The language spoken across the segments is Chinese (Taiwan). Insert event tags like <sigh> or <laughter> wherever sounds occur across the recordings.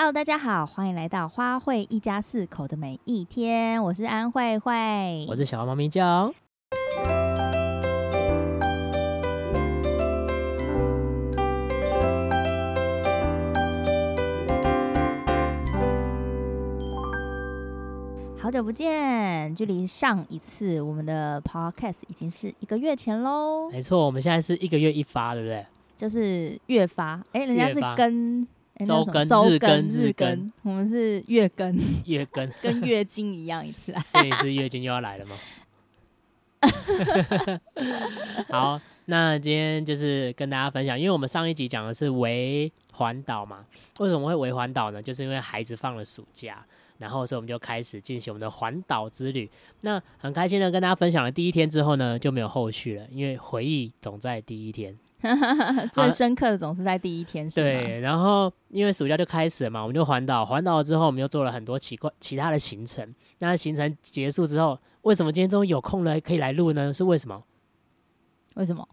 Hello，大家好，歡迎來到花卉一家四口的每一天。我是安慧慧，我是小貓咪叫。好久不見，距離上一次我們的 Podcast 已經是一個月前嘍。沒錯，我們現在是一個月一發，對不對？就是月發，哎，人家是跟。週更、欸，週更、日更、日更，我們是月更、月更，跟月經一樣一次啊！ <laughs> 所以是月經又要來了嗎？ <laughs> <laughs> 好，那今天就是跟大家分享，因為我們上一集講的是微環島嘛，為什麼會微環島呢？就是因為孩子放了暑假，然後所以我們就開始進行我們的環島之旅。那很開心的跟大家分享了第一天之後呢，就沒有後續了，因為回憶總在第一天。 <laughs> 最深刻的總是在第一天，啊、是嗎？對，然後因為暑假就開始了嘛，我們就環島，環島了之後，我們又做了很多奇怪其他的行程。那行程結束之後，為什麼今天終於有空了，可以來錄呢？是為什麼？為什麼？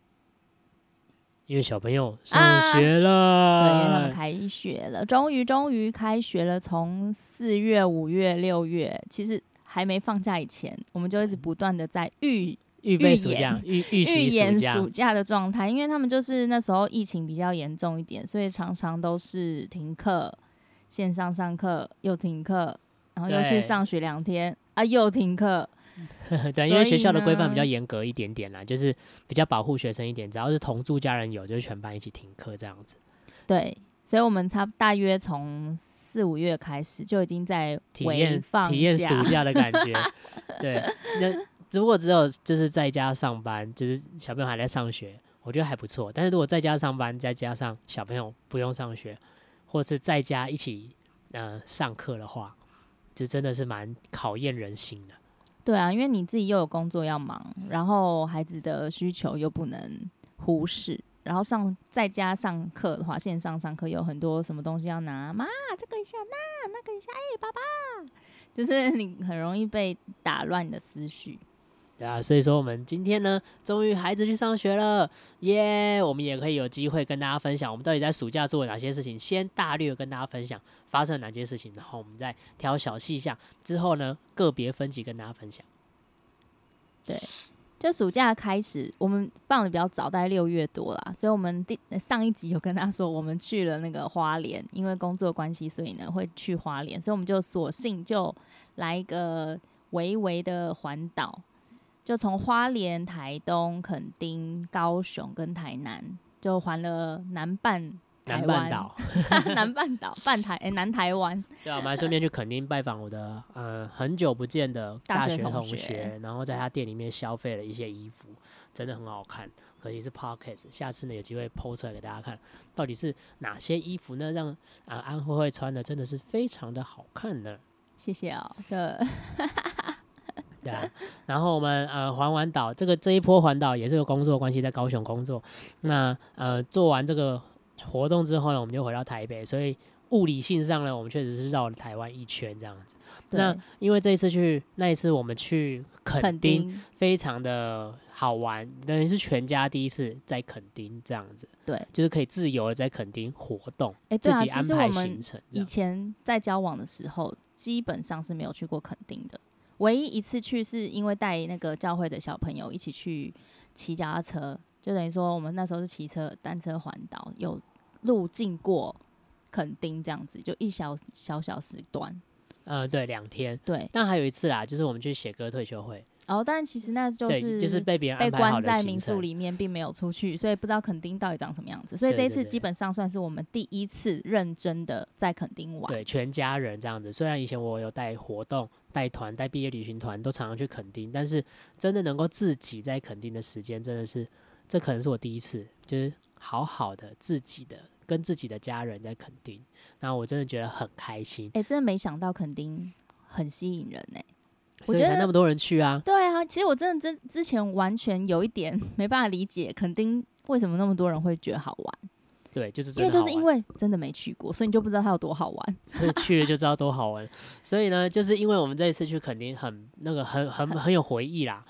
因為小朋友上學了，啊、對，因為他們開學了，終於終於開學了。從四月、五月、六月，其實還沒放假以前，我們就一直不斷的在預。預備暑假，預言預備暑,暑假的狀態，因為他們就是那時候疫情比較嚴重一點，所以常常都是停課，線上上課又停課，然後又去上學兩天啊，又停課。 <laughs> 對，因為學校的規範比較嚴格一點點啦，就是比較保護學生一點，只要是同住家人有，就是全班一起停課這樣子。對，所以我們差大約從四五月開始就已經在體驗放假、體驗暑假的感覺。 <laughs> 對。那只不過只有就是在家上班，就是小朋友還在上學，我覺得還不錯。但是如果在家上班，再加上小朋友不用上學，或者是在家一起呃上課的話，就真的是蠻考驗人心的。對啊，因為你自己又有工作要忙，然後孩子的需求又不能忽視，然後上在家上課的話，線上上課有很多什麼東西要拿，媽這個一下，那那個一下，哎，爸爸，就是你很容易被打亂你的思緒。對啊，所以說我們今天呢，終於孩子去上學了，耶、yeah！我們也可以有機會跟大家分享，我們到底在暑假做了哪些事情。先大略跟大家分享發生了哪些事情，然後我們再挑小細項，之後呢個別分級跟大家分享。對，就暑假開始，我們放的比較早，在六月多啦，所以我們第上一集有跟大家說，我們去了那個花蓮，因為工作關係，所以呢會去花蓮，所以我們就索性就來一個微微的環島。就從花蓮、台東、墾丁、高雄跟台南，就還了南半台灣島，南半島、 <laughs> 半台、欸、南台灣。對、啊，我們還順便去墾丁拜訪我的、 <laughs> 呃、很久不見的大學，學大學同學，然後在他店裡面消費了一些衣服，真的很好看。可惜是 pockets，下次呢有機會 PO 出來給大家看，到底是哪些衣服呢讓啊安，安慧慧穿的真的是非常的好看呢。謝謝啊、哦，這。 <laughs> 對， <laughs> 然後我們呃環完島，島這個這一波環島也是有工作關係，在高雄工作，那呃做完這個活動之後呢，我們就回到台北，所以物理性上呢，我們確實是繞了臺灣一圈這樣子。那因為這一次去那一次我們去墾丁，丁非常的好玩，等於是全家第一次在墾丁這樣子，對，就是可以自由的在墾丁活動，哎，對啊，自己安排行程。我們以前在交往的時候，基本上是沒有去過墾丁的。唯一一次去是因為帶那個教會的小朋友一起去騎腳踏車，就等於說我們那時候是騎車、單車環島，有路經過墾丁這樣子，就一小小小時段。嗯，對，兩天。對，但還有一次啦，就是我們去寫歌退休會。然後、哦，但其實那就是就是被別人安排好的，被關在民宿裡面，並沒有出去，所以不知道墾丁到底長什麼樣子。所以這一次基本上算是我們第一次認真的在墾丁玩，對對對。對，全家人這樣子。雖然以前我有帶活動、帶團、帶畢業旅行團，都常常去墾丁，但是真的能夠自己在墾丁的時間，真的是這可能是我第一次，就是好好的自己的跟自己的家人在墾丁。那我真的覺得很開心。哎、欸，真的沒想到墾丁很吸引人哎、欸。所以才那麼多人去啊？對啊，其實我真的之之前完全有一點沒辦法理解，墾丁為什麼那麼多人會覺得好玩。對，就是因為就是因為真的沒去過，所以你就不知道它有多好玩。所以去了就知道多好玩。 <laughs> 所以呢，就是因為我們這一次去墾丁，肯定很那個很很很，很有回憶啦。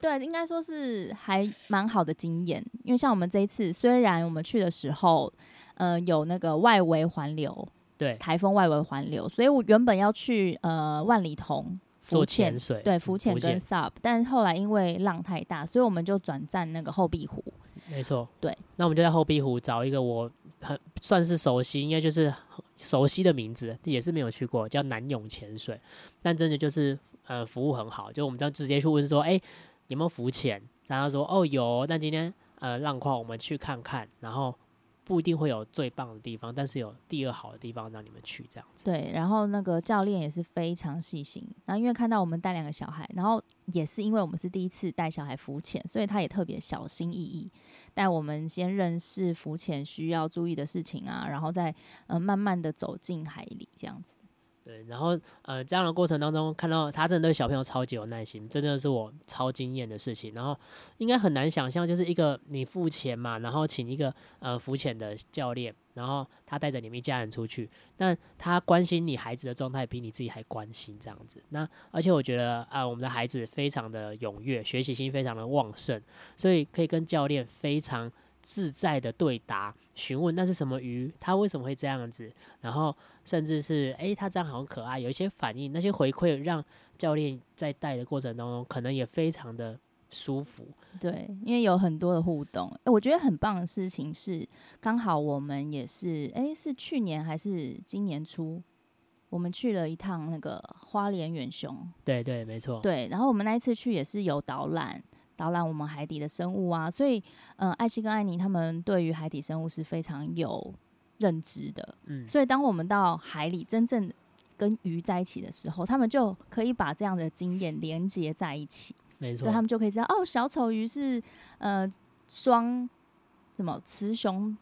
對，應該說是還蠻好的經驗。因為像我們這一次，雖然我們去的時候，呃，有那個外圍環流，對，颱風外圍環流，所以我原本要去呃萬里桐。浮潛做潛水，對，浮潛跟 sub，但後來因為浪太大，所以我們就轉戰那個後壁湖。沒錯，對，那我們就在後壁湖找一個我很算是熟悉，應該就是熟悉的名字，也是沒有去過，叫南勇潛水。但真的就是，呃，服務很好，就我們就直接去問說，哎、欸，有沒有浮潛？然後說，哦有，但今天呃浪況，我們去看看。然後。不一定會有最棒的地方，但是有第二好的地方讓你們去這樣子。對，然後，那個教練也是非常細心，然後因為看到我們帶兩個小孩，然後也是因為我們是第一次帶小孩浮潛，所以他也特別小心翼翼，帶我們先認識浮潛需要注意的事情啊，然後再，呃，慢慢的走進海裡這樣子。對，然後呃，這樣的過程當中，看到他真的對小朋友超級有耐心，這真的是我超驚艷的事情。然後應該很難想象，就是一個你付錢嘛，然後請一個呃浮潛的教練，然後他帶着你們一家人出去，但他關心你孩子的狀態比你自己還關心這樣子。那而且我覺得啊、呃，我們的孩子非常的踴躍，學習心非常的旺盛，所以可以跟教練非常。自在的對答詢問，那是什麼魚？它為什麼會這樣子？然後甚至是哎，它、欸、這樣好可愛，有一些反應，那些回饋讓教練在帶的過程當中，可能也非常的舒服。對，因為有很多的互動，欸、我覺得很棒的事情是，剛好我們也是哎、欸，是去年還是今年初，我們去了一趟那個花蓮遠雄。對對，沒錯。對，然後我們那一次去也是有導覽。擾亂我們海底的生物啊，所以，嗯、呃，艾希跟艾尼他們對於海底生物是非常有認知的，嗯，所以當我們到海裡真正跟魚在一起的時候，他們就可以把這樣的經驗連接在一起，沒錯，所以他們就可以知道，哦，小丑魚是，呃，雙什麼雌雄。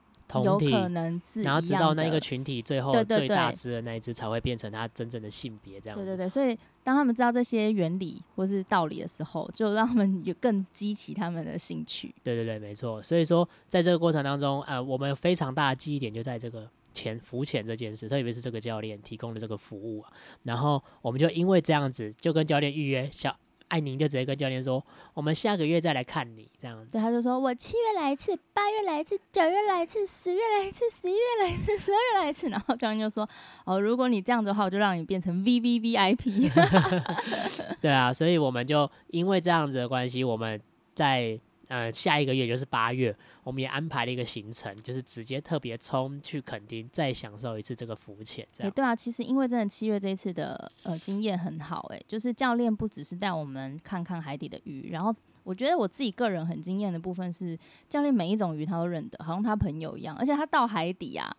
有可能，然後知道那個群體，最後最大隻的那一隻才會變成他真正的性別，這樣。對對對，所以當他們知道這些原理或是道理的時候，就讓他們有更激起他們的興趣。對對對，沒錯。所以說，在這個過程當中，呃，我們非常大的記憶點就在這個潛浮潛這件事，特別是這個教練提供的這個服務啊。然後我們就因為這樣子，就跟教練預約小。艾寧就直接跟教練說：“我們下個月再來看你，這樣子。”對，他就說：“我七月來一次，八月來一次，九月來一次，十月來一次，十一月來一次，十二月來一次。”然後教練就說：“哦，如果你這樣子的話，我就讓你變成 VVVIP。 <laughs> ” <laughs> 對啊，所以我們就因為這樣子的關係，我們在。呃，下一個月就是八月，我們也安排了一個行程，就是直接特別衝去墾丁，再享受一次這個浮潛。這樣，欸、對啊，其實因為真的七月這一次的呃經驗很好、欸，誒，就是教練不只是帶我們看看海底的魚，然後我覺得我自己個人很驚艷的部分是，教練每一種魚他都認得，好像他朋友一樣，而且他到海底啊。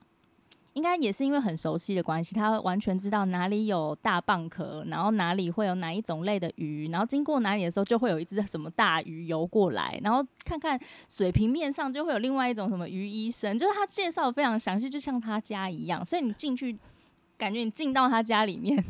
應該也是因為很熟悉的關係，他完全知道哪裡有大蚌殼，然後哪裡會有哪一種類的魚，然後經過哪裡的時候就會有一隻什麼大魚游過來，然後看看水平面上就會有另外一種什麼魚醫生，就是他介紹的非常詳細，就像他家一樣，所以你進去，感覺你進到他家裡面，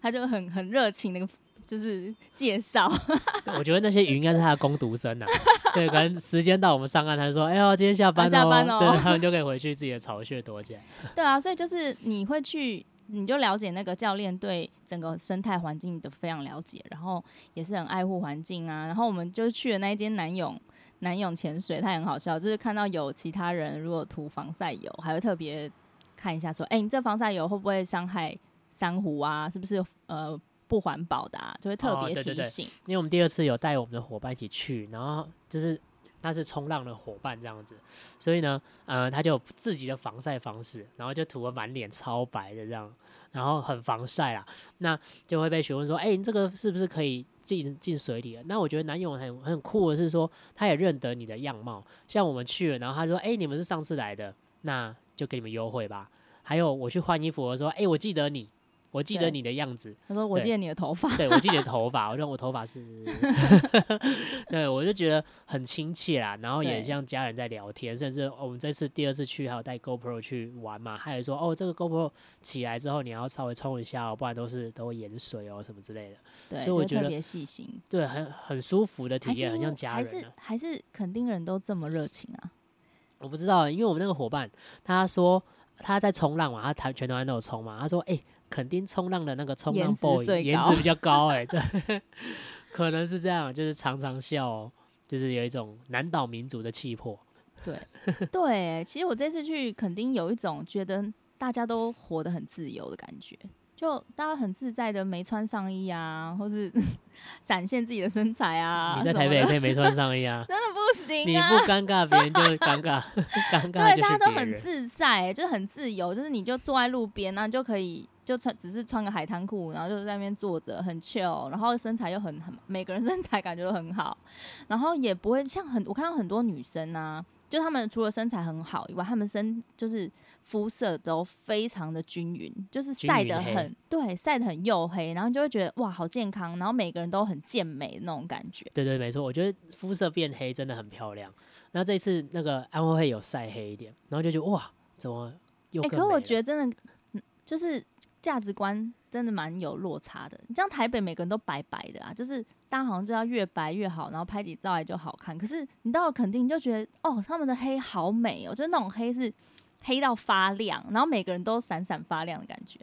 他就很很熱情那個。就是介紹， <laughs> 我覺得那些魚應該是他的工讀生吶。對，可能時間到，我們上岸他就說：“哎呦今天下班了，哦。”下班了，哦，他們就可以回去自己的巢穴躲起來。 <laughs> 對啊，所以就是你會去，你就了解那個教練對整個生態環境都非常了解，然後也是很愛護環境啊。然後我們就去了那一間南勇南勇潛水，它也很好笑，就是看到有其他人如果塗防曬油，還會特別看一下說：“哎，你這防曬油會不會傷害珊瑚啊？是不是呃？”不環保的啊，就會特別提醒。哦，對對對，因為我們第二次有帶我們的夥伴一起去，然後就是那是衝浪的夥伴這樣子，所以呢，嗯，呃，他就有自己的防曬方式，然後就塗了滿臉超白的這樣，然後很防曬啊，那就會被詢問說，哎，你這個是不是可以進進水裡了？那我覺得南勇很很酷的是說，他也認得你的樣貌，像我們去了，然後他說，哎，你們是上次來的，那就給你們優惠吧。還有我去換衣服的時候，哎，我記得你。我記得你的樣子，他說：“我記得你的頭髮。”對， <laughs> 對，我記得你的頭髮，我說我頭髮是， <laughs> 對我就覺得很親切啦。然後也像家人在聊天，甚至、哦、我們這次第二次去還有帶 GoPro 去玩嘛，他也說：“哦，這個 GoPro 起來之後你要稍微沖一下哦，不然都是都會鹽水哦，什麼之類的。”對，所以我覺得就特別細心，對，很很舒服的體驗，很像家人、啊，還是。還是肯定人都這麼熱情啊？我不知道，因為我們那個夥伴他說他在沖浪嘛，他全都在那沖嘛，他說：“哎、欸。”墾丁衝浪的那個衝浪 boy，顏值比較高哎、欸，對， <laughs> 可能是這樣，就是常常笑，喔，就是有一種南島民族的氣魄對。對 <laughs> 對，其實我這次去，墾丁有一種覺得大家都活得很自由的感覺。就大家很自在的沒穿上衣啊，或是呵呵展現自己的身材啊。你在台北也可以沒穿上衣啊？的 <laughs> 真的不行、啊。你不尷尬，別人就尷尬， <laughs> 尷尬就是。對，大家都很自在、欸，就很自由，就是你就坐在路邊啊，就可以就穿，只是穿個海灘褲，然後就在那邊坐着，很 chill，然後身材又很很，每個人身材感覺都很好，然後也不會像很我看到很多女生啊，就他們除了身材很好以外，他們身就是。膚色都非常的均勻，就是曬得很，對，曬得很黝黑，然後你就會覺得哇，好健康，然後每個人都很健美那種感覺。對，對對，沒錯，我覺得膚色變黑真的很漂亮。然後這一次那個安徽會有曬黑一點，然後就覺得哇，怎麼又更美哎、欸，可是我覺得真的，就是價值觀真的蠻有落差的。你像台北每個人都白白的啊，就是大家好像就要越白越好，然後拍幾照來就好看。可是你到了墾丁你就覺得，哦，他們的黑好美哦，就是、那種黑是。黑到發亮，然後每個人都閃閃發亮的感覺。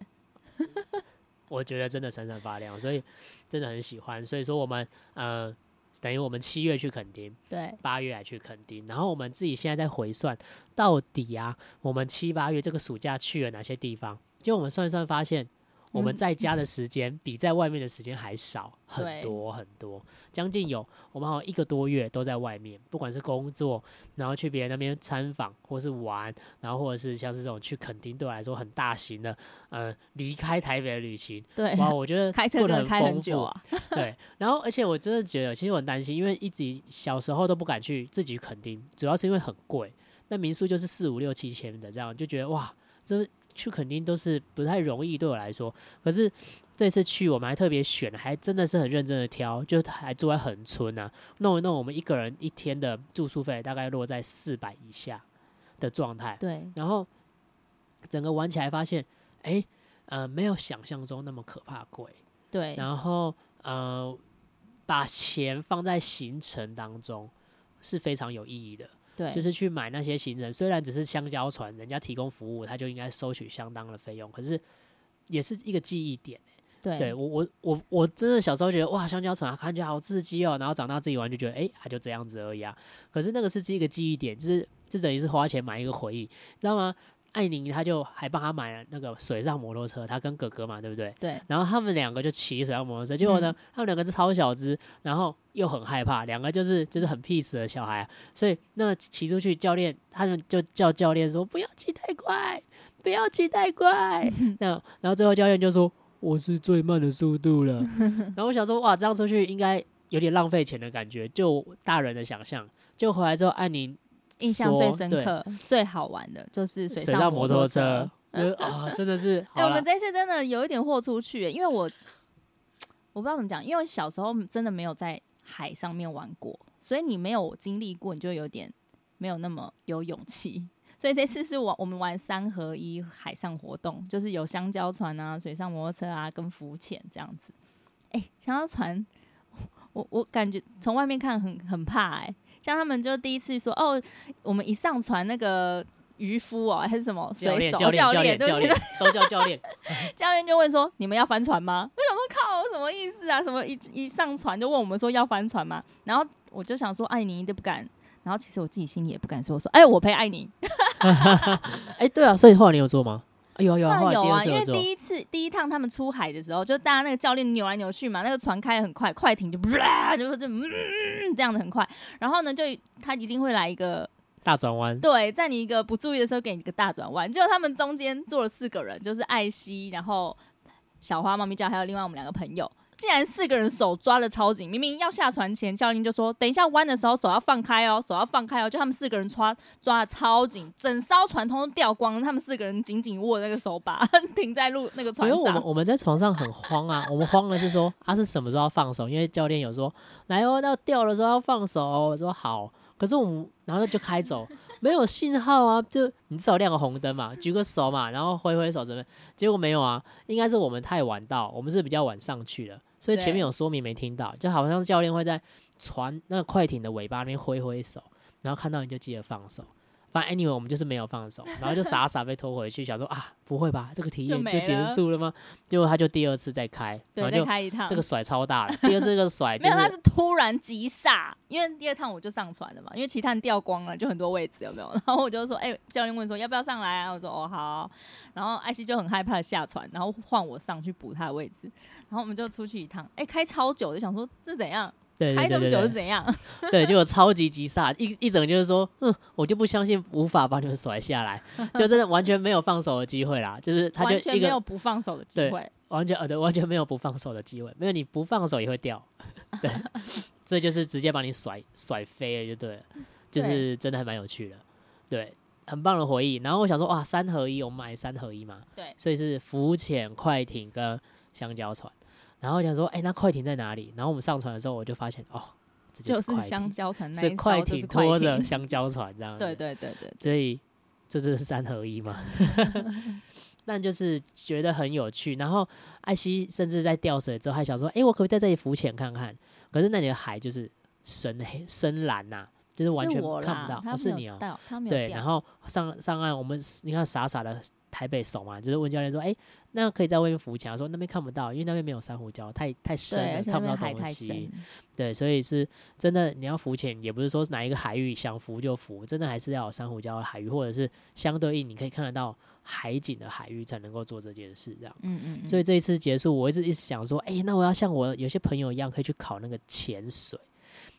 <laughs> 我覺得真的閃閃發亮，所以真的很喜歡。所以說，我們嗯、呃、等於我們七月去墾丁，對，八月來去墾丁，然後我們自己現在在回算到底啊，我們七八月這個暑假去了哪些地方？結果我們算算發現。我們在家的時間比在外面的時間還少、嗯、很多很多，將近有我們好像一個多月都在外面，不管是工作，然後去別人那邊參訪，或是玩，然後或者是像是這種去墾丁對我來說很大型的，呃，離開台北的旅行，對哇，我覺得富開車可能開很久啊。 <laughs> 對，然後而且我真的覺得，其實我很擔心，因為一直小時候都不敢去自己墾丁，主要是因為很貴，那民宿就是四五六七千的這樣，就覺得哇，這。去墾丁都是不太容易，對我來說。可是這次去，我們還特別選，還真的是很認真的挑，就還住在恆春啊，弄一弄，我們一個人一天的住宿費大概落在四百以下的狀態。對，然後整個玩起來發現，哎、欸，呃，沒有想象中那麼可怕貴。對，然後呃，把錢放在行程當中是非常有意義的。對就是去買那些行程。雖然只是香蕉船，人家提供服務，他就應該收取相當的費用。可是，也是一個記憶點，欸對。對，我我我我真的小時候覺得哇，香蕉船，啊，看起來好刺激哦，喔，然後長大自己玩就覺得哎，它、欸，就這樣子而已啊。可是那個是是一個記憶點，就是就等於是花錢買一個回憶，你知道嗎？艾寧他就還幫他買了那個水上摩托車，他跟哥哥嘛，對不對？對。然後他們兩個就騎水上摩托車，結果呢，嗯、他們兩個是超小隻，然後又很害怕，兩個就是就是很 peace 的小孩，所以那個、騎出去，教練他們就叫教練說不要騎太快，不要騎太快。 <laughs> 那然後最後教練就說，我是最慢的速度了。 <laughs> 然後我想說哇，這樣出去應該有點浪費錢的感覺，就大人的想象。就回來之後，艾寧。印象最深刻、最好玩的就是水上摩托車，托車嗯、啊，真的是。哎、 <laughs> 欸，我們這次真的有一點豁出去、欸，因為我我不知道怎麼講，因為小時候真的沒有在海上面玩過，所以你沒有經歷過，你就有點沒有那麼有勇氣。所以這次是我我們玩三合一海上活動，就是有香蕉船啊、水上摩托車啊跟浮潛這樣子。哎、欸，香蕉船，我我感覺從外面看很很怕哎、欸。像他們就第一次說哦，我們一上船那個漁夫哦還是什麼水手教練教練教練教練，教練、哦、 <laughs> 就問說你們要翻船嗎？ <laughs> 我想說靠，我什麼意思啊？什麼一一上船就問我們說要翻船嗎？然後我就想說愛你都不敢。然後其實我自己心裡也不敢說，我說哎，我陪愛你。哎 <laughs> <laughs> 欸、對啊，所以後來你有做嗎？有有有啊，有啊，因為第一次第一趟他們出海的時候，就大家那個教練扭來扭去嘛，那個船開的很快，快艇就，呃、就是就、嗯、這樣的很快，然後呢就他一定會來一個大轉彎，對，在你一個不注意的時候給你一個大轉彎，就他們中間坐了四個人，就是艾希，然後小花、貓咪叫還有另外我們兩個朋友。竟然四個人手抓的超緊，明明要下船前，教練就說：“等一下彎的時候手要放開哦、喔，手要放開哦、喔。”就他們四個人抓抓的超緊，整艘船通通掉光，他們四個人緊緊握那個手把，停在路那個船上。沒有，我們我們在船上很慌啊， <laughs> 我們慌的是說他、啊、是什麼時候要放手？因為教練有說：“來哦，到掉的時候要放手。”我說：“好。”可是我們。然後就開走，沒有信號啊！就你至少亮個紅燈嘛，舉個手嘛，然後揮揮手這邊，結果沒有啊！應該是我們太晚到，我們是比較晚上去的，所以前面有說明沒聽到，就好像教練會在船那個快艇的尾巴那邊揮揮手，然後看到你就記得放手。反正 anyway 我們就是沒有放手，然後就傻傻被拖回去， <laughs> 想說啊，不會吧，這個體驗就結束了嗎？結果他就第二次再開，對，然後就開一趟，這個甩超大了。 <laughs> 第二次這個甩、就是，沒有，他是突然急剎，因為第二趟我就上船了嘛，因為其他人掉光了，就很多位置有沒有？然後我就說，哎、欸，教練問說要不要上來啊？我說哦好。然後艾希就很害怕下船，然後換我上去補他的位置，然後我們就出去一趟，哎、欸，開超久，就想說這怎樣？對,對,對,對,對,對，開這麼久是怎樣？ <laughs> 對，結果超級急煞，一一整個就是說，嗯，我就不相信無法把你們甩下來，就真的完全沒有放手的機會啦，就是他就一個完全沒有不放手的機會，完全呃對，完全沒有不放手的機會，沒有你不放手也會掉，對， <laughs> 所以就是直接把你甩甩飛了就對了，就是真的還蠻有趣的，對，很棒的回憶。然後我想說，哇，三合一，我們買三合一嘛，對，所以是浮潛快艇跟香蕉船。然後想說，哎，那快艇在哪裡？然後我們上船的時候，我就發現，哦，這就是快艇，就是，香蕉船那是快艇，是快艇拖着香蕉船這樣。 <laughs> 對，對，對對對對，所以這真是三合一嘛。那 <laughs> <laughs> <laughs> 就是覺得很有趣。然後艾希甚至在掉水之後，還想說，哎，我可不可以在這裡浮潛看看？可是那裡的海就是深黑深藍吶、啊。就是完全看不到，不是你哦。對，然後上上岸，我們你看傻傻的台北手嘛，就是問教練說，哎，那可以在外面浮潛啊？說那邊看不到，因為那邊沒有珊瑚礁，太太深了，看不到東西，對，所以是真的，你要浮潛也不是說哪一個海域想浮就浮，真的還是要有珊瑚礁的海域，或者是相對應你可以看得到海景的海域才能夠做這件事，這樣，嗯嗯嗯，所以這一次結束，我一直一直想說，哎，那我要像我有些朋友一樣，可以去考那個潛水。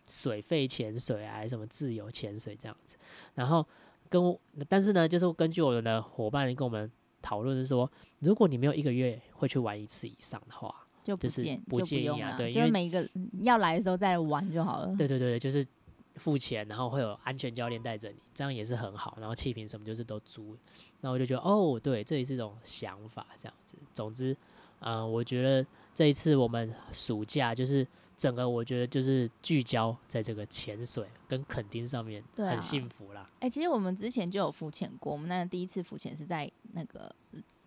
水肺潛水啊，還什麼自由潛水這樣子，然後跟我，但是呢，就是根據我們的夥伴跟我們討論說，如果你沒有一個月會去玩一次以上的話，就不介、就是、不建議啊，對，因為每一個要來的時候再玩就好了。對對對，就是付錢，然後會有安全教練帶着你，這樣也是很好。然後氣瓶什麼就是都租，那我就覺得哦，對，這也是一種想法這樣子。總之，嗯、呃，我覺得這一次我們暑假就是。整個我覺得就是聚焦在這個潛水跟墾丁上面對，啊，很幸福啦。哎、欸，其實我們之前就有浮潛過，我們那第一次浮潛是在那個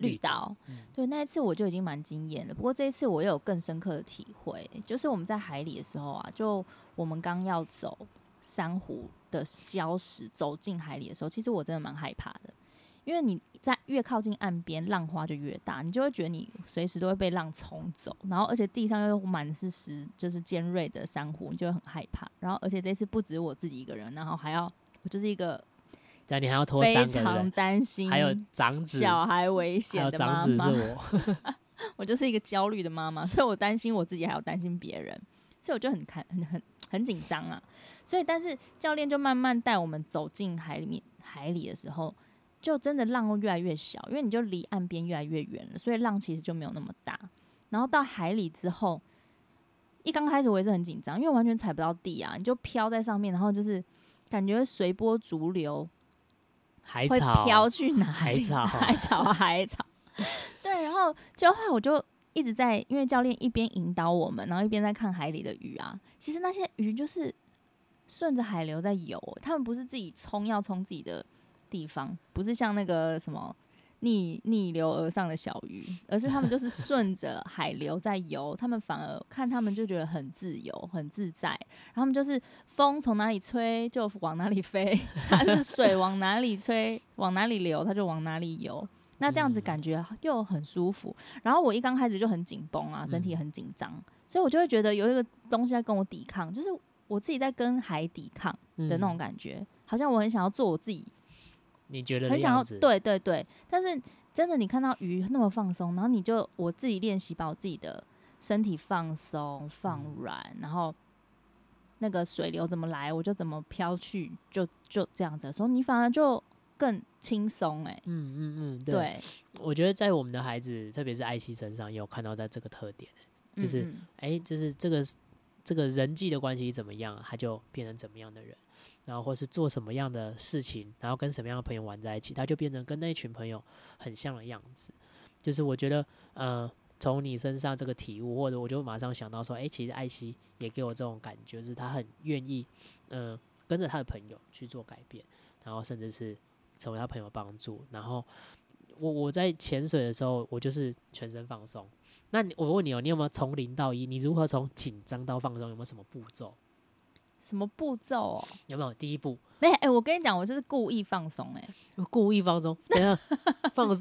綠島、嗯，對，那一次我就已經蠻驚艷的。不過這一次我又有更深刻的體會，就是我們在海裡的時候啊，就我們剛要走珊瑚的礁石，走進海裡的時候，其實我真的蠻害怕的。因為你在越靠近岸邊，浪花就越大，你就會覺得你隨時都會被浪衝走。然後，而且地上又滿是石，就是尖銳的珊瑚，你就會很害怕。然後，而且這次不止我自己一個人，然後還要我就是一個，在你還要拖非常擔心，還有長子小孩危險的媽媽，我就是一個，媽媽 <laughs> 是一個焦慮的媽媽，所以我擔心我自己，還要擔心別人，所以我就很看很很很緊張啊。所以，但是教練就慢慢帶我們走進海裡面海裡的時候。就真的浪越來越小，因為你就離岸邊越來越遠了，所以浪其實就沒有那麼大。然後到海裡之後，一剛開始我也是很緊張，因為完全踩不到地啊，你就飄在上面，然後就是感覺隨波逐流，海草會飄去哪裡？海草，海草，海草。 <laughs> 海草 <laughs> <laughs> 對，然後就後我就一直在，因為教練一邊引導我們，然後一邊在看海裡的魚啊。其實那些魚就是順着海流在游，他們不是自己衝要衝自己的。地方不是像那個什麼逆逆流而上的小魚，而是他們就是順着海流在游。 <laughs> 他們反而看他們就覺得很自由、很自在。然後他們就是風從哪裡吹就往哪裡飛， <laughs> 還是水往哪裡吹 <laughs> 往哪裡流，它就往哪裡游。那這樣子感覺又很舒服。然後我一剛開始就很緊繃啊，身體很緊張、嗯，所以我就會覺得有一個東西在跟我抵抗，就是我自己在跟海抵抗的那種感覺，嗯、好像我很想要做我自己。你覺得很想要對對對，但是真的你看到魚那麼放鬆，然後你就我自己練習把我自己的身體放鬆放軟，嗯，然後那個水流怎麼來我就怎麼飄去，就就這樣子的時候，你反而就更輕鬆哎，嗯嗯嗯對、對，我覺得在我們的孩子，特別是愛西身上也有看到在這個特點，欸，就是哎，嗯嗯欸、就是這個這個人際的關係怎麼樣，他就變成怎麼樣的人。然後或是做什麼樣的事情，然後跟什麼樣的朋友玩在一起，他就變成跟那群朋友很像的樣子。就是我覺得，呃，從你身上這個體悟，或者我就馬上想到說，哎，其實艾希也給我這種感覺，就是他很願意，嗯、呃，跟着他的朋友去做改變，然後甚至是成為他朋友幫助。然後我我在潛水的時候，我就是全身放鬆。那我問你哦，你有沒有從零到一？你如何從緊張到放鬆？有沒有什麼步驟？什麼步驟哦、喔？有沒有第一步？沒、欸、哎，我跟你講，我就是故意放鬆哎、欸，故意放鬆。等下、 <laughs> 就是、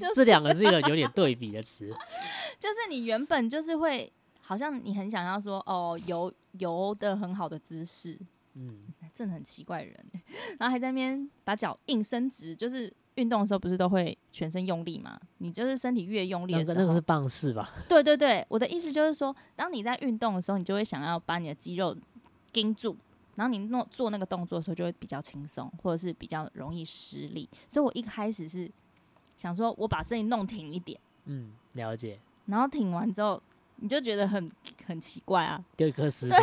放這兩個是一個有有點對比的詞， <laughs> 就是你原本就是會，好像你很想要說哦，游游的很好的姿勢。嗯，真的很奇怪的人、欸，然後還在那邊把腳硬伸直。就是運動的時候不是都會全身用力嗎？你就是身體越用力的時候，那個那個是棒式吧？對對對，我的意思就是說，當你在運動的時候，你就會想要把你的肌肉盯住。然後你弄做那個動作的時候，就會比較輕鬆，或者是比較容易失利。所以我一開始是想說，我把聲音弄挺一點。嗯，了解。然後挺完之後，你就覺得很很奇怪啊，丟一顆石頭，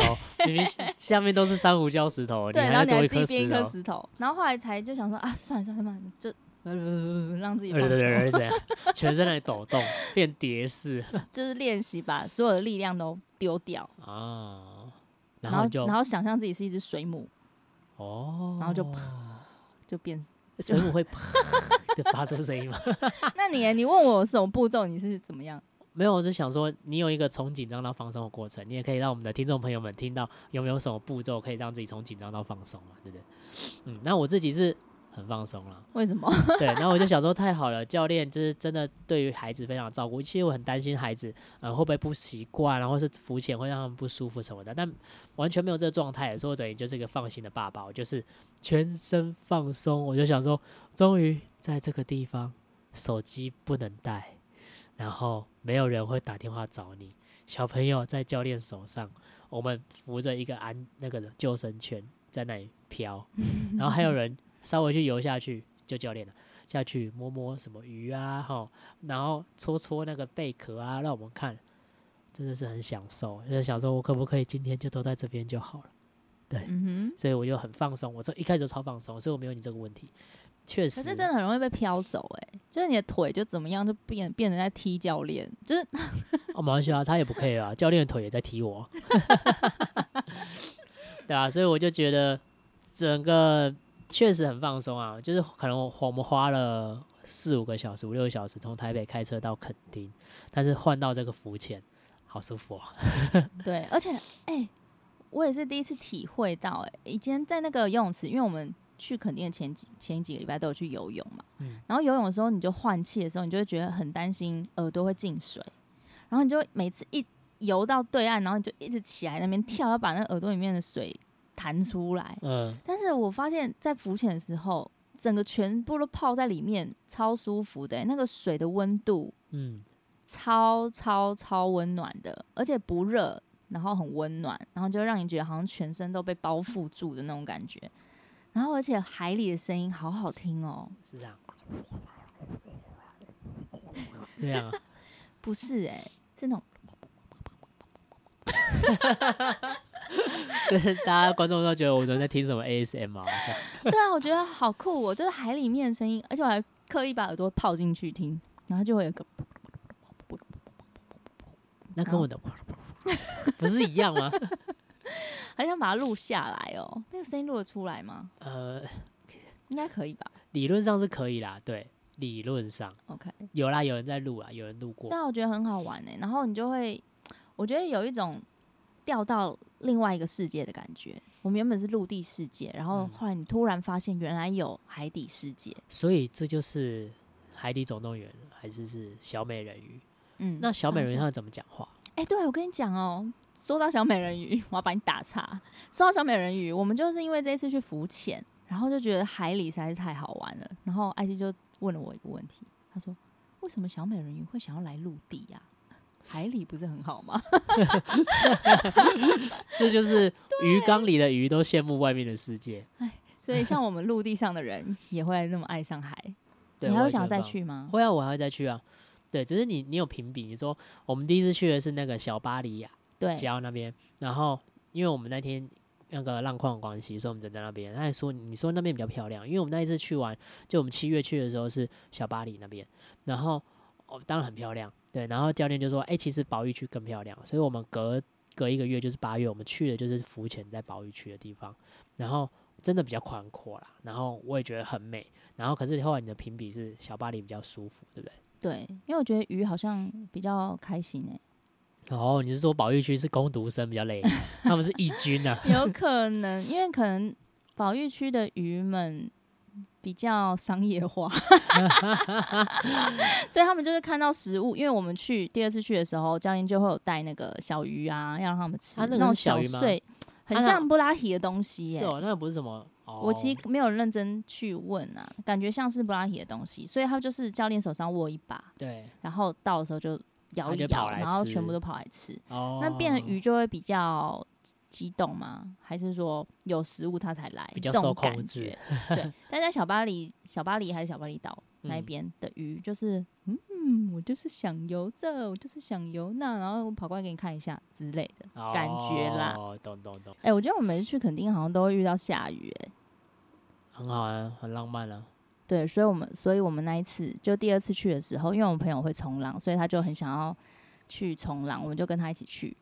因為下面都是珊瑚礁石頭， <laughs> 你還，對，然後你還自己多一顆石頭。然後後來才就想說，啊，算了算了嘛算，就呃呃呃呃讓自己放鬆、呃呃呃呃，全身來抖動， <laughs> 變蝶式， <laughs> 就是練習把所有的力量都丟掉啊。然後就，然後想象自己是一隻水母，哦，然後就啪，就變水母會啪 <laughs> 就發出聲音嗎？ <laughs> 那你你問我什麼步驟？你是怎麼樣？沒有，我是想說，你有一個從緊張到放鬆的過程，你也可以讓我們的聽眾朋友們聽到有沒有什麼步驟可以讓自己從緊張到放鬆嘛？對不對，對？嗯，那我自己是。很放鬆了，為什麼？ <laughs> 對，然後我就想說太好了，教練就是真的對於孩子非常照顧。其實我很擔心孩子，呃，會不會不習慣，然後是浮潛會讓他們不舒服什麼的，但完全沒有這個狀態，所以我等於就是一個放心的爸爸。我就是全身放鬆，我就想說，終於在這個地方，手機不能帶，然後沒有人會打電話找你，小朋友在教練手上，我們扶着一個安那個救生圈在那裡飄，然後還有人。 <laughs> 稍微去游下去，就教練了。下去摸摸什麼魚啊，哈，然後搓搓那個貝殼啊，讓我們看，真的是很享受。就是想說，我可不可以今天就都在這邊就好了？對，嗯、哼。所以我就很放鬆。我這一開始就超放鬆，所以我沒有你這個問題。確實，可是真的很容易被飄走哎、欸。就是你的腿就怎麼樣，就變變得在踢教練。就是我、 <laughs> 哦、沒關係啊，他也不可以啊， <laughs> 教練的腿也在踢我。 <laughs> 對啊，所以我就覺得整個。確實很放鬆啊，就是可能我我們花了四五個小時、五六個小時從台北開車到墾丁，但是換到這個浮潛，好舒服啊！ <laughs> 對，而且哎、欸，我也是第一次體會到哎、欸，以前在那個游泳池，因為我們去墾丁的前幾前幾個禮拜都有去游泳嘛、嗯，然後游泳的時候你就換氣的時候，你就會覺得很擔心耳朵會進水，然後你就每次一游到對岸，然後你就一直起來那邊跳，要把那耳朵裡面的水。彈出來，嗯，但是我發現，在浮潛的時候，整個全部都泡在裡面，超舒服的、欸。那個水的溫度，嗯，超超超溫暖的，而且不熱，然後很溫暖，然後就讓你覺得好像全身都被包覆住的那種感覺。然後，而且海裡的聲音好好聽哦、喔，是這樣，這樣，不是哎、欸，是那種。 <laughs> <laughs> <laughs> 大家觀眾都覺得我們在聽什麼 ASMR？ <laughs> 對啊，我覺得好酷、喔，就是海裡面的聲音，而且我還刻意把耳朵泡進去聽，然後就會有一個，那跟我的不是一樣嗎？還 <laughs> 想把它錄下來哦、喔，那個聲音錄得出來嗎？呃，應該可以吧，理論上是可以啦，對，理論上 OK 有啦，有人在錄啦，有人錄過，但我覺得很好玩呢、欸。然後你就會，我覺得有一種。掉到另外一個世界的感覺，我們原本是陸地世界，然後後來你突然發現原來有海底世界，嗯、所以這就是《海底總動員》還是是《小美人魚》？嗯，那小美人魚他會怎麼講話？哎、欸，對、啊、我跟你講哦、喔，說到小美人魚，我要把你打岔。說到小美人魚，我們就是因為這一次去浮潛，然後就覺得海裡實在是太好玩了，然後艾希就問了我一個問題，他說：“為什麼小美人魚會想要來陸地呀、啊？”海裡不是很好嗎？ <laughs> <laughs> 這就是魚缸裡的魚都羨慕外面的世界。哎，所以像我們陸地上的人也會那麼愛上海， <laughs> 你還會想要再去嗎？會啊，我還會再去啊。對，只是你你有評比，你說我們第一次去的是那個小巴黎啊，對，只要那邊。然後因為我們那天那個浪況的關係，所以我們就在那邊。他還你說你說那邊比較漂亮，因為我們那一次去玩，就我們七月去的時候是小巴黎那邊，然後。哦，當然很漂亮，對。然後教練就說：“哎、欸，其實保育區更漂亮，所以我們隔隔一個月就是八月，我們去的就是浮潛在保育區的地方，然後真的比較寬闊啦。然後我也覺得很美。然後可是後來你的評比是小巴黎比較舒服，對不對？對，因為我覺得魚好像比較開心然後、欸、哦，你是說保育區是工讀生比較累， <laughs> 他們是義軍啊？ <laughs> 有可能，因為可能保育區的魚們。”比較商業化 <laughs> <laughs> <laughs> 所以他們就是看到食物。因為我們去第二次去的時候，教練就會有帶那個小魚啊，要讓他們吃。啊、那種小魚、啊、很像布拉提的東西耶、欸。是哦，那不是什麼。Oh. 我其實沒有認真去問啊，感覺像是布拉提的東西。所以他就是教練手上握一把，對，然後到的時候就搖一搖，然後全部都跑來吃。那、oh, 變成魚就會比較激動嗎？還是說有食物他才來？比較受控制。對， <laughs> 但在小巴黎、小巴黎還是小巴厘島那邊的魚，就是嗯，嗯，我就是想游這，我就是想游那，然後我跑過來給你看一下之類的，感覺啦。哦，哦，哦，懂懂懂、欸。哎，我覺得我們每次去肯定好像都會遇到下雨、欸，哎，很好啊，很浪漫啊。對，所以我們，所以我們那一次就第二次去的時候，因為我們朋友會衝浪，所以他就很想要去衝浪，我們就跟他一起去。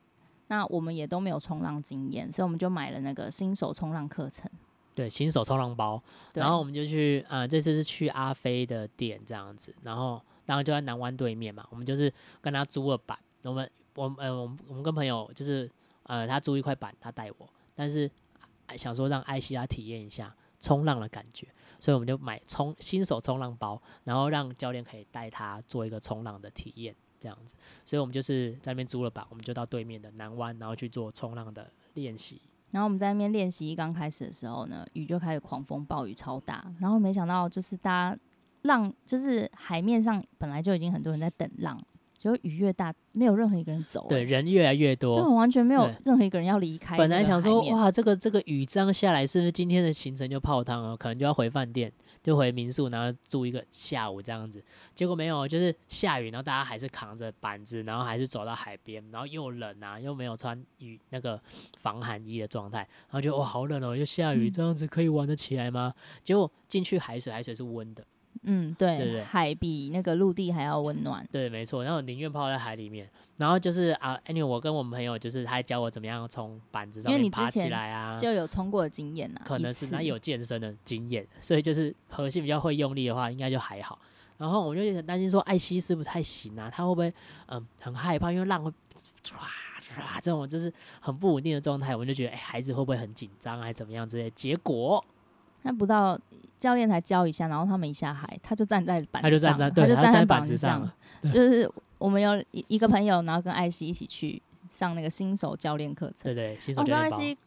那我們也都沒有衝浪經驗，所以我們就買了那個新手衝浪課程，對，新手衝浪包。然後我們就去，呃，這次是去阿飛的店這樣子，然後，當然就在南灣對面嘛，我們就是跟他租了板，我們，我，呃，我們，我們跟朋友就是，呃，他租一塊板，他帶我，但是想說讓艾希他體驗一下衝浪的感覺，所以我們就買衝新手衝浪包，然後讓教練可以帶他做一個衝浪的體驗。這樣子，所以我們就是在那邊租了板，我們就到對面的南灣，然後去做衝浪的練習。然後我們在那邊練習，一剛開始的時候呢，雨就開始狂風暴雨超大，然後沒想到就是大家浪，就是海面上本來就已經很多人在等浪。就雨越大，沒有任何一個人走、欸。對，人越來越多，就完全沒有任何一個人要離開、那個。本來想說，哇，這個這個雨這樣下來，是不是今天的行程就泡湯了？可能就要回飯店，就回民宿，然後住一個下午這樣子。結果沒有，就是下雨，然後大家還是扛着板子，然後還是走到海邊，然後又冷啊，又沒有穿雨那個防寒衣的狀態，然後就哇、嗯哦，好冷哦，又下雨，這樣子可以玩得起來嗎？嗯、結果進去海水，海水是溫的。嗯，對，對，對海比那個陸地還要溫暖。嗯、對，沒錯。然後寧願泡在海裡面。然後就是啊，anyway，我跟我們朋友就是他教我怎麼樣從板子上面爬起來啊，就有衝過的經驗吶、啊。可能是他有健身的經驗，所以就是核心比較會用力的話，應該就還好。然後我就有點擔心說，艾希是不太行啊，他會不會嗯很害怕？因為浪會唰唰這種就是很不穩定的狀態，我就覺得哎，孩子會不會很緊張，還怎麼樣之類？結果他不到。教練才教一下，然後他們一下海，他就站在板子上，他就站在，他就站在，他就站在板子上。就是我們有一一個朋友， <laughs> 然後跟艾希一起去上那個新手教練課程。對對，新手教練班。我跟艾希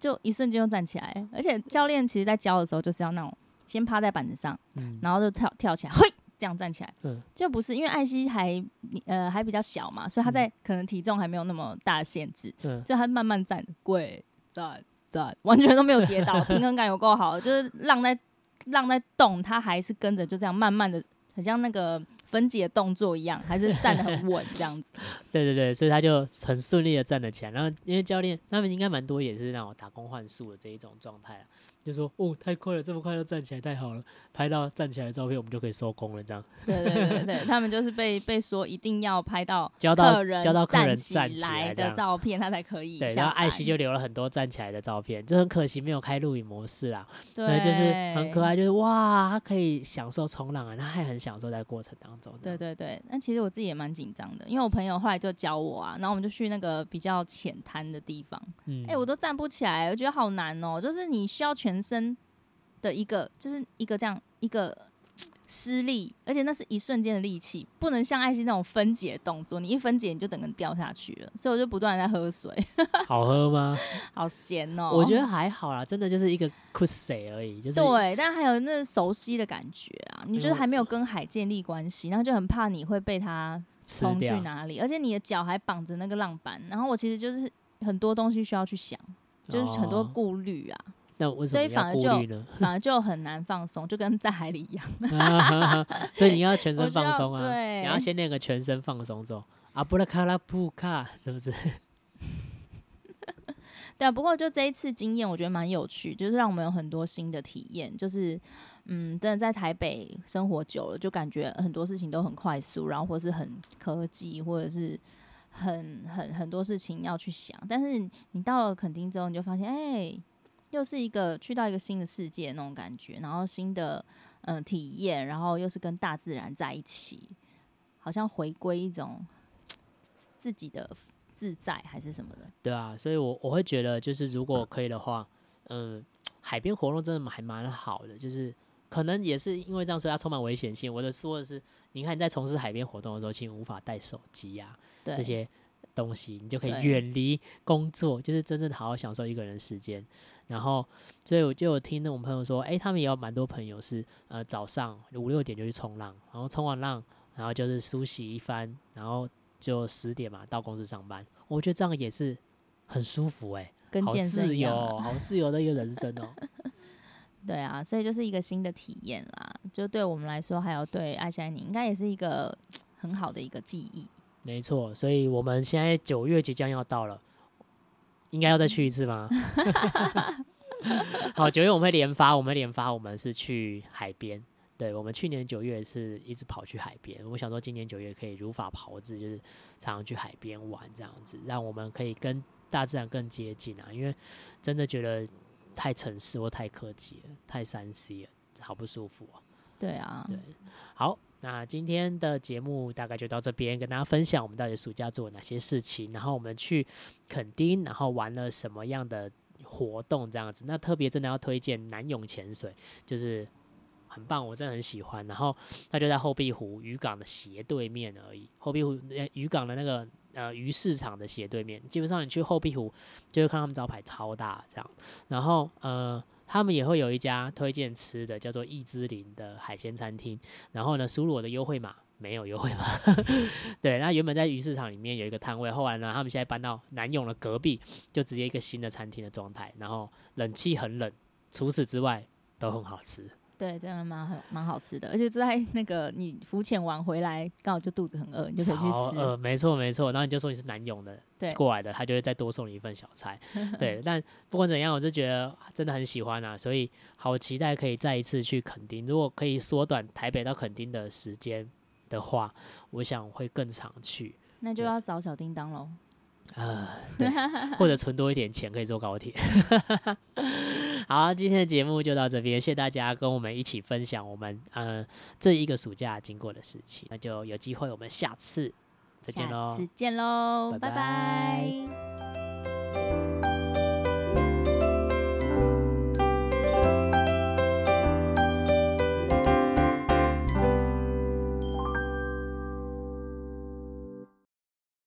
就一瞬間就站起來，而且教練其實在教的時候就是要那種先趴在板子上，嗯、然後就跳跳起來，嘿，這樣站起來。嗯、就不是因為艾希還呃還比較小嘛，所以他在可能體重還沒有那麼大限制、嗯，就他慢慢站，跪站站，完全都沒有跌倒， <laughs> 平衡感有夠好，就是浪在。浪在動，他還是跟着就這樣慢慢的，很像那個分解的動作一樣，還是站得很穩這樣子。 <laughs> 對對對，所以他就很順利的站了起來。然後因為教練他們應該蠻多也是讓我打工換宿的這一種狀態就說哦，太快了，這麼快就站起來，太好了，拍到站起來的照片，我們就可以收工了，這樣。對對對對， <laughs> 他們就是被被說一定要拍到客人教到教到客人站起來的照片，他才可以下班。對，然後艾希就留了很多站起來的照片，就很可惜沒有開錄影模式啊。對，就是很可愛，就是哇，他可以享受衝浪啊，他還很享受在過程當中。對對對，那其實我自己也蠻緊張的，因為我朋友後來就教我啊，然後我們就去那個比較淺灘的地方，嗯，哎、欸，我都站不起來，我覺得好難哦、喔，就是你需要全。人生的一個就是一個這樣一個失利，而且那是一瞬間的力氣，不能像愛心那種分解的動作。你一分解，你就整個掉下去了。所以我就不斷在喝水， <laughs> 好喝嗎？好鹹哦、喔！我覺得還好啦，真的就是一個苦水而已。就是、對、欸，但還有那個熟悉的感覺啊！你就是還沒有跟海建立關係，然、欸、後就很怕你會被它衝去哪裡，而且你的腳還綁着那個浪板。然後我其實就是很多東西需要去想，就是很多顧慮啊。哦所以反而就，反而就很難放鬆， <laughs> 就跟在海裡一樣的、 <laughs> 啊呵呵。所以你要全身放鬆啊！對，你要先練個全身放鬆，走。阿布拉卡拉布卡，是不是？ <laughs> 對、啊、不過就這一次經驗，我覺得蠻有趣，就是讓我們有很多新的體驗。就是，嗯，真的在台北生活久了，就感覺很多事情都很快速，然後或是很科技，或者是很很很多事情要去想。但是你到了墾丁之後，你就發現，哎、欸。又是一個去到一個新的世界的那種感覺，然後新的嗯、呃、體驗，然後又是跟大自然在一起，好像回歸一種自己的自在，還是什麼的？對啊，所以我我會覺得，就是如果可以的話，嗯，呃、海邊活動真的還蠻好的。就是可能也是因為這樣說，所以它充滿危險性。我的說的是，你看你在從事海邊活動的時候，其實無法帶手機啊，對，這些東西，你就可以遠離工作，就是真正好好享受一個人的時間。然後，所以我就有聽那種朋友說，哎，他們也有蠻多朋友是，呃，早上五六點就去衝浪，然後衝完浪，然後就是梳洗一番，然後就十點嘛，到公司上班。我覺得這樣也是很舒服哎、欸，好自由， <laughs> 好自由的一個人生哦。 <laughs> 對啊，所以就是一個新的體驗啦，就對我們來說，還有對愛笑愛應該也是一個很好的一個記憶。沒錯，所以我們現在九月即將要到了。應該要再去一次嗎？ <laughs> 好，九月我們會連發，我們連發，我們是去海邊。對，我們去年九月是一直跑去海邊。我想說，今年九月可以如法炮制，就是常常去海邊玩，這樣子，讓我們可以跟大自然更接近啊。因為真的覺得太城市或太科技了，太 3C 了，好不舒服啊。對啊，對，好。那今天的節目大概就到這邊，跟大家分享我們到底暑假做了哪些事情，然後我們去墾丁，然後玩了什麼樣的活動這樣子。那特別真的要推薦南勇潛水，就是很棒，我真的很喜歡。然後那就在後壁湖漁港的斜對面而已，後壁湖呃、漁港的那個呃魚市場的斜對面。基本上你去後壁湖就會看到他們招牌超大這樣，然後呃。他們也會有一家推薦吃的，叫做益之林的海鮮餐廳。然後呢，輸入我的優惠碼，沒有優惠碼。對，那原本在魚市場裡面有一個攤位，後來呢，他們現在搬到南勇的隔壁，就直接一個新的餐廳的狀態。然後冷氣很冷，除此之外都很好吃。對，這樣蠻蠻好吃的，而且在那個你浮潛完回來，剛好就肚子很餓，你就可以去吃。呃、沒錯沒錯，然後你就說你是南勇的對過來的，他就會再多送你一份小菜。 <laughs> 對，但不管怎樣，我就覺得真的很喜歡啊，所以好期待可以再一次去墾丁。如果可以縮短台北到墾丁的時間的話，我想會更常去。那就要找小叮噹嘍。啊、呃，或者存多一點錢可以坐高鐵。 <laughs> 好，今天的節目就到這邊，謝謝大家跟我們一起分享我們嗯、呃、這一個暑假經過的事情。那就有機會我們下次再見嘍，再見嘍，拜拜。拜拜。